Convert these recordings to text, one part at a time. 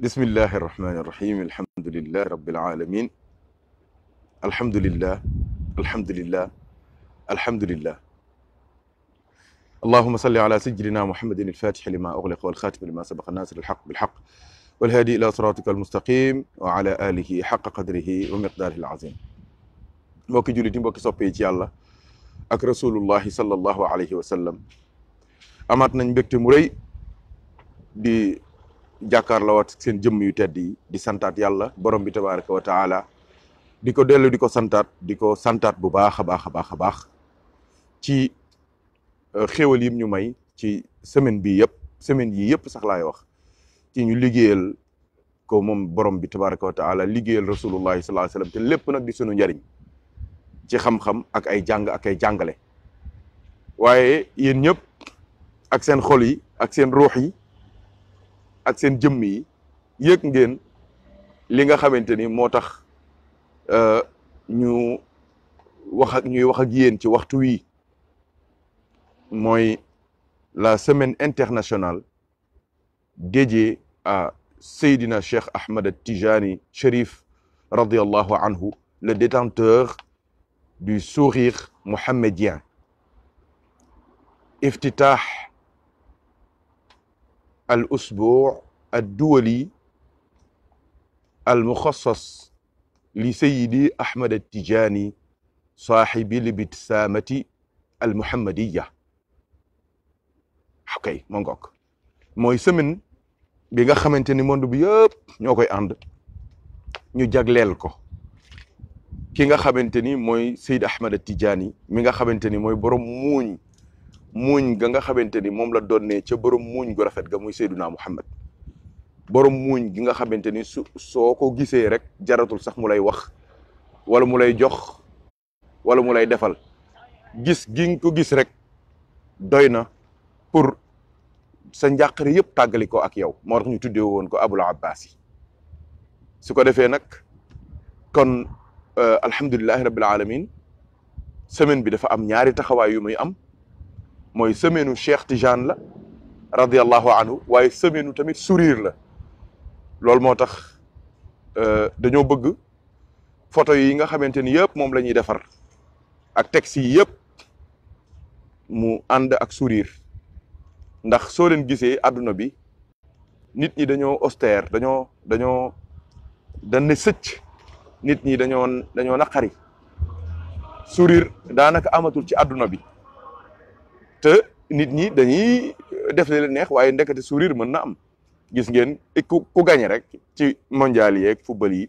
بسم الله الرحمن الرحيم الحمد لله رب العالمين الحمد لله الحمد لله الحمد لله اللهم صل على سيدنا محمد الفاتح لما أغلق والخاتم لما سبق الناصر الحق بالحق والهادي إلى صراطك المستقيم وعلى آله حق قدره ومقداره العظيم موكي جولي yi mbokki soppee ci yàlla ak rasulullahi الله alayhi wa sallam amaat nañ mbégte mu jàkkaarloowaat seen jëmm yu tedd yi di santaat yàlla borom bi tabaraka wa taala di ko dellu di ko santaat di ko santaat bu baax a baax a baax a baax ci euh, xéwal yim ñu may ci semaine bi yëpp semaine yii yëpp sax laay wax ci ñu liggéeyal ko moom borom bi tabaraka wa taala liggéeyal rasulullahi sallallahu alayhi wa sallam te lépp nag di sunu njariñ ci xam-xam ak ay jàng ak ay jàngale waaye yéen ñëpp ak seen xol yi ak seen ruux yi ak seen jëmm yi yëg ngeen li nga xamante ni moo tax ñu wax ak ñuy wax ak yéen ci waxtu wii mooy la semaine internationale dédiée à Seydina Cheikh Ahmed Tijani Cherif radiallahu anhu le détenteur du sourire mohammedien iftitah الأسبوع الدولي المخصص لسيدي أحمد التجاني صاحب الابتسامة المحمدية ok moo ngoog mooy semaine bi nga xamante ni monde bi yëpp ñoo koy ànd ñu jagleel ko ki nga xamante ni mooy Seyd Ahmed Tidiane mi nga xamante ni mooy borom muuñ muuñ ga nga xamante ni moom la doonee ca borom muuñ gu rafet ga muy Seydunaa Muhammad borom muuñ gi nga xamante ni su soo ko gisee rek jaratul sax mu lay wax wala mu lay jox wala mu lay defal gis gi nga ko gis rek doy na pour sa njàqare yëpp tàggali ko ak yow moo tax ñu tuddee woon ko Abul Abbas yi su ko defee nag kon euh, alhamdulilahi rabbil alamin semaine bi dafa am ñaari taxawaay yu muy am moy semenu cheikh tijane la radiyallahu anhu waye semenu tamit sourire la lol motax euh daño bëgg photo yi nga xamanteni yépp mom lañuy défar ak texte yi yëpp mu and ak sourire ndax so leen gisé aduna bi nit ñi dañoo austère dañoo dañoo dañ né secc nit ñi dañoo dañoo nakari sourire danaka amatul ci aduna bi te nit ñi dañuy def li leen neex waaye ndekete sourire mën na am gis ngeen ku ku gagné rek ci mondial yeeg football yi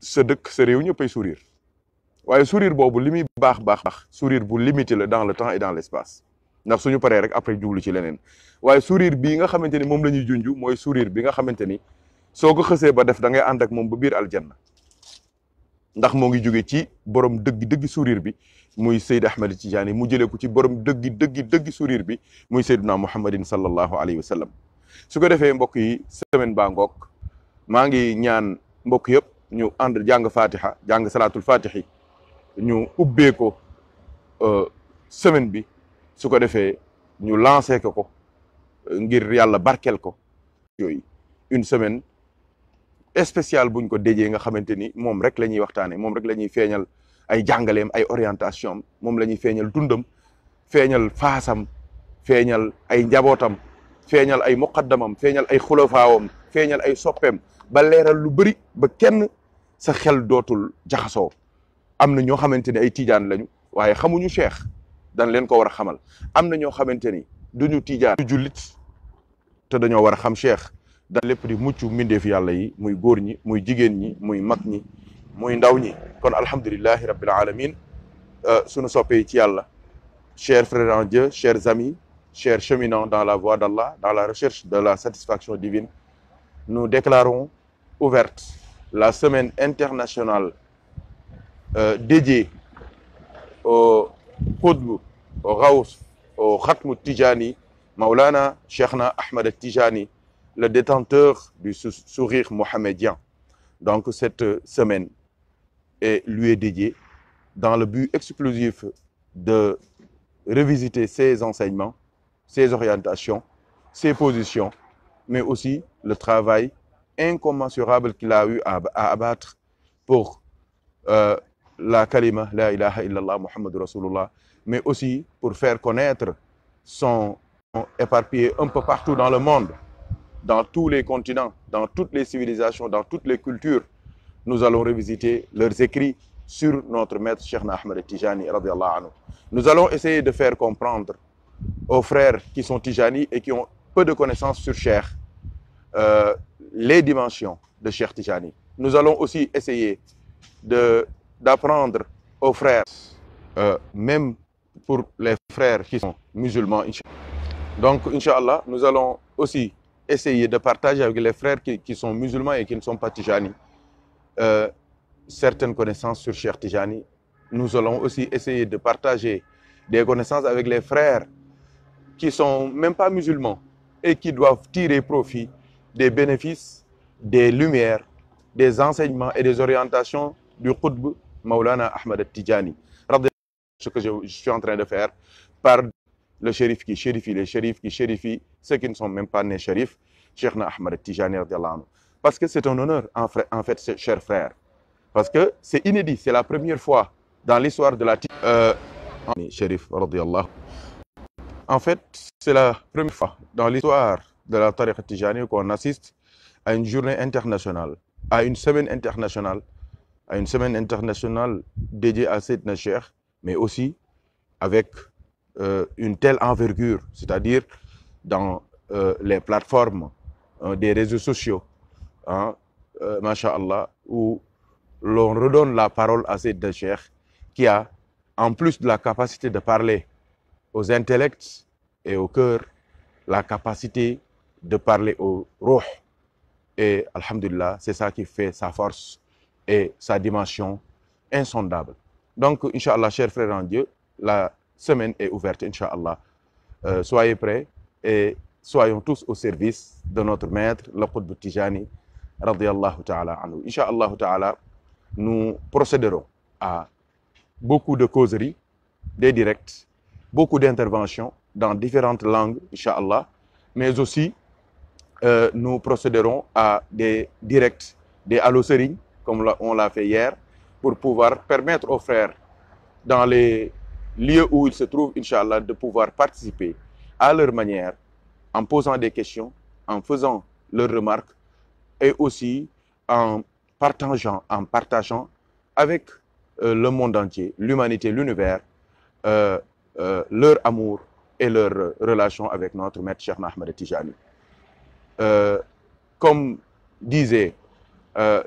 sa dëkk sa réew ñëppay sourire waaye sourire boobu li muy baax baax baax sourire bu limité la dans le temps et dans l'espace ndax suñu paree rek après jublu ci leneen waaye sourire bii nga xamante ni moom la ñuy junj mooy sourire bi nga xamante ni soo ko xësee ba def da ngay ànd ak moom ba biir aljanna ndax moo ngi jóge ci borom dëgg dëgg suurir bi muy Seyd Ahmed Tidiane mu jëlee ko ci borom dëgg dëgg dëgg suurir bi muy Seydina Muhammadin sallallahu alayhi wa sallam su ko defee mbokk yi semaine baa ngoog maa ngi ñaan mbokk yëpp ñu ànd jàng fatiha jàng salaatul fatihi ñu ubbee ko euh, semaine bi su ko defee ñu lancé ko ko ngir yàlla barkel ko yooyu une semaine spécial buñ ko déjee nga xamante ni moom rek la ñuy waxtaanee moom rek la ñuy feeñal ay jàngaleem ay orientation moom la ñuy feeñal dundam feeñal faasam feeñal ay njabootam feeñal ay muqaddamam feeñal ay xulafaawam feeñal ay soppeem ba leeral lu bëri ba kenn sa xel dootul jaxasoo am na ñoo xamante ne ay tiijaan lañu waaye xamuñu cheikh dañ leen ko war a xamal am na ñoo xamante ni duñu tiijaan du jullit te dañoo war a xam cheikh Dans pri di mucc mbindeef yalla yi muy góor ñi muy jigéen ñi muy mag ñi muy ndaw ñi kon alhamdulilahi rabbil alamin euh, sunu soppe ci chers frères en Dieu chers amis chers cheminants dans la voie d'Allah dans la recherche de la satisfaction divine nous déclarons ouverte la semaine internationale euh, dédiée au Qutb au Raouf, au Khatmou Tijani Maulana Cheikhna Ahmed Tijani le détenteur du sourire mohamédien. Donc cette semaine est, lui est dédiée dans le but exclusif de revisiter ses enseignements, ses orientations, ses positions, mais aussi le travail incommensurable qu'il a eu à, abattre pour euh, la kalima, la ilaha illallah, Muhammad Rasulullah, mais aussi pour faire connaître son éparpillé un peu partout dans le monde dans tous les continents, dans toutes les civilisations, dans toutes les cultures, nous allons revisiter leurs écrits sur notre maître Cheikh Ahmed Tijani. Nous allons essayer de faire comprendre aux frères qui sont Tijani et qui ont peu de connaissances sur Cheikh euh, les dimensions de Cheikh Tijani. Nous allons aussi essayer d'apprendre aux frères, euh, même pour les frères qui sont musulmans. Donc, Inch'Allah, nous allons aussi essayer de partager avec les frères qui, sont musulmans et qui ne sont pas Tijani euh, certaines connaissances sur Cheikh Tijani. Nous allons aussi essayer de partager des connaissances avec les frères qui ne sont même pas musulmans et qui doivent tirer profit des bénéfices, des lumières, des enseignements et des orientations du Qutb Maulana Ahmed Tijani. Ce que je, suis en train de faire par le shérif qui shérifie les shérifs qui shérifient ceux qui ne sont même pas nés shérifs, Cheikh Ahmed Tijani Parce que c'est un honneur, en, fait, cher frère. Parce que c'est inédit, c'est la première fois dans l'histoire de la euh, En fait, c'est la première fois dans l'histoire de la Tariqa Tijani qu'on assiste à une journée internationale, à une semaine internationale, à une semaine internationale dédiée à cette Cheikh, mais aussi avec euh, une telle envergure, c'est-à-dire dans euh, les plateformes euh, des réseaux sociaux, hein, euh, où l'on redonne la parole à deux chers qui a, en plus de la capacité de parler aux intellects et au cœur, la capacité de parler aux roh. Et Alhamdulillah, c'est ça qui fait sa force et sa dimension insondable. Donc, Inch'Allah, chers frères en Dieu, la semaine est ouverte, Inch'Allah. soyez prêts et soyons tous au service de notre maître, le Qutb Tijani, radiallahu ta'ala anhu. Inch'Allah ta'ala, nous procéderons à beaucoup de causeries, des directs, beaucoup d'interventions dans différentes langues, Inch'Allah, mais aussi euh, nous procéderons à des directs, des alloceries, comme on l'a fait hier, pour pouvoir permettre aux frères, dans les lieux où ils se trouvent, Inch'Allah, de pouvoir participer à leur manière, en posant des questions, en faisant leurs remarques et aussi en partageant, en partageant avec euh, le monde entier, l'humanité, l'univers, euh, euh, leur amour et leur relation avec notre maître Cheikh Ahmed Tijani. comme disait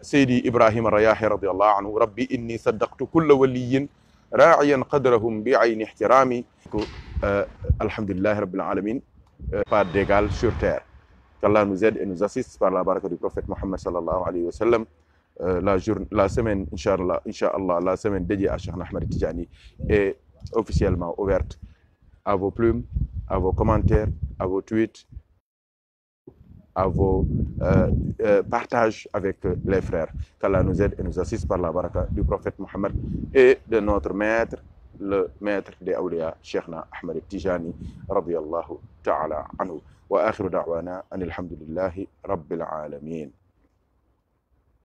Seydi Ibrahim Rayahi, Rabbi inni saddaqtu kulla waliyin راعيا قدرهم بعين احترامي آه، الحمد لله رب العالمين بار ديغال سور تير الله nous aide et nous assiste par la baraka محمد صلى الله عليه وسلم لا جور لا سمين ان شاء الله ان شاء الله لا سمين ديجي الشيخ احمد التجاني اي officiellement ouverte à vos plumes à vos commentaires à vos à vos euh, euh, partages avec euh, les frères. Qu'Allah nous aide et nous assiste par la baraka du prophète Mohammed et de notre maître, le maître des Awliya, Sheikhna Ahmed Tijani, Allahu ta'ala anhu. وآخر دعوانا أن الحمد Hamdulillahi Rabbil العالمين